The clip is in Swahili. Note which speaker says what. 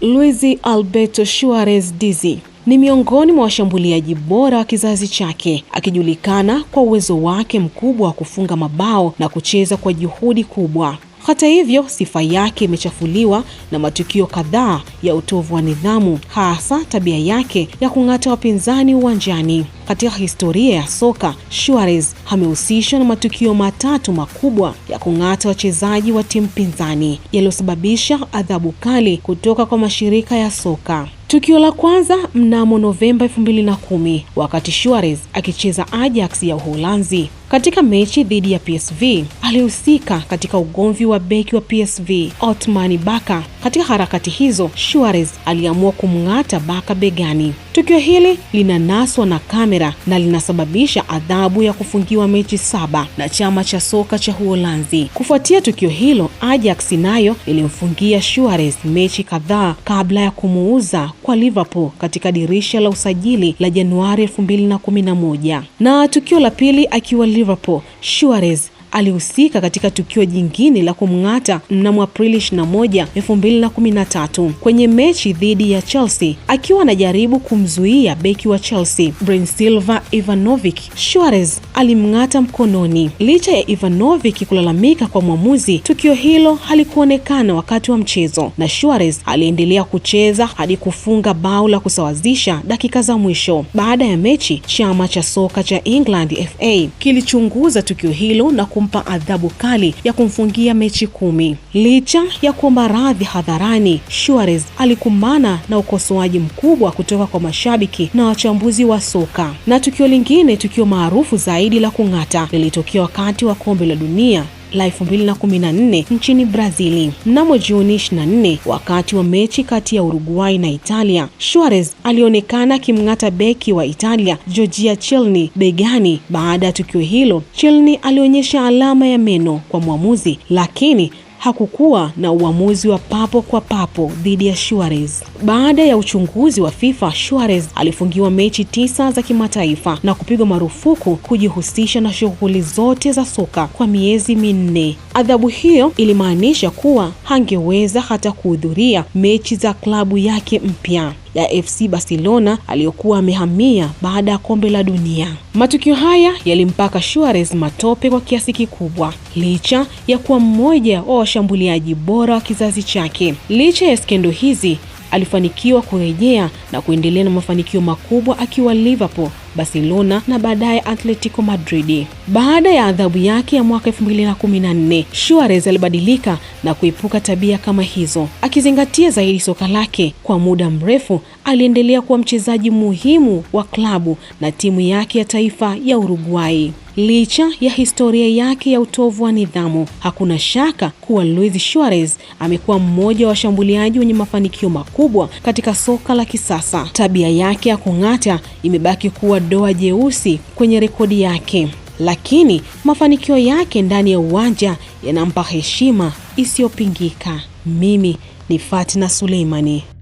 Speaker 1: luisi Alberto Suarez dizi ni miongoni mwa washambuliaji bora wa kizazi chake, akijulikana kwa uwezo wake mkubwa wa kufunga mabao na kucheza kwa juhudi kubwa. Hata hivyo, sifa yake imechafuliwa na matukio kadhaa ya utovu wa nidhamu, hasa tabia yake ya kung'ata wapinzani uwanjani. Katika historia ya soka, shuares amehusishwa na matukio matatu makubwa ya kung'ata wachezaji wa timu pinzani yaliyosababisha adhabu kali kutoka kwa mashirika ya soka. Tukio la kwanza mnamo Novemba 21 wakati shuares akicheza Ajax ya Uholanzi. Katika mechi dhidi ya PSV alihusika katika ugomvi wa beki wa PSV otmani Baka. Katika harakati hizo, Suarez aliamua kumng'ata Baka begani. Tukio hili linanaswa na kamera na linasababisha adhabu ya kufungiwa mechi saba na chama cha soka cha Uholanzi. Kufuatia tukio hilo, Ajax nayo ilimfungia Suarez mechi kadhaa kabla ya kumuuza kwa Liverpool katika dirisha la usajili la Januari 2011 na tukio la pili akiwa Liverpool, Suarez alihusika katika tukio jingine la kumng'ata mnamo Aprili 21, 2013 kwenye mechi dhidi ya Chelsea akiwa anajaribu kumzuia beki wa Chelsea Brinsilva Ivanovic, Suarez alimng'ata mkononi. Licha ya Ivanovic kulalamika kwa mwamuzi, tukio hilo halikuonekana wakati wa mchezo na Suarez aliendelea kucheza hadi kufunga bao la kusawazisha dakika za mwisho. Baada ya mechi, chama cha soka cha England FA kilichunguza tukio hilo na kum kumpa adhabu kali ya kumfungia mechi kumi. Licha ya kuomba radhi hadharani, Suarez alikumbana na ukosoaji mkubwa kutoka kwa mashabiki na wachambuzi wa soka. Na tukio lingine, tukio maarufu zaidi la kung'ata lilitokea wakati wa kombe la dunia la 2014 nchini Brazili. Mnamo Juni 24, wakati wa mechi kati ya Uruguay na Italia, Suarez alionekana akimng'ata beki wa Italia Giorgia Chiellini begani. Baada ya tukio hilo, Chiellini alionyesha alama ya meno kwa mwamuzi, lakini hakukuwa na uamuzi wa papo kwa papo dhidi ya Suarez. Baada ya uchunguzi wa FIFA, Suarez alifungiwa mechi tisa za kimataifa na kupigwa marufuku kujihusisha na shughuli zote za soka kwa miezi minne. Adhabu hiyo ilimaanisha kuwa hangeweza hata kuhudhuria mechi za klabu yake mpya ya FC Barcelona aliyokuwa amehamia baada ya kombe la dunia. Matukio haya yalimpaka Suarez matope kwa kiasi kikubwa, licha ya kuwa mmoja wa washambuliaji bora wa kizazi chake. Licha ya skendo hizi alifanikiwa kurejea na kuendelea na mafanikio makubwa akiwa Liverpool, Barcelona na baadaye Atletico Madrid. Baada ya adhabu yake ya mwaka 2014, Suarez alibadilika na kuepuka tabia kama hizo, akizingatia zaidi soka lake. Kwa muda mrefu aliendelea kuwa mchezaji muhimu wa klabu na timu yake ya taifa ya Uruguay. Licha ya historia yake ya utovu wa nidhamu, hakuna shaka kuwa Luis Suarez amekuwa mmoja wa washambuliaji wenye mafanikio makubwa katika soka la kisasa. Tabia yake ya kung'ata imebaki kuwa doa jeusi kwenye rekodi yake, lakini mafanikio yake ndani ya uwanja yanampa heshima isiyopingika. Mimi ni Fatna Suleimani.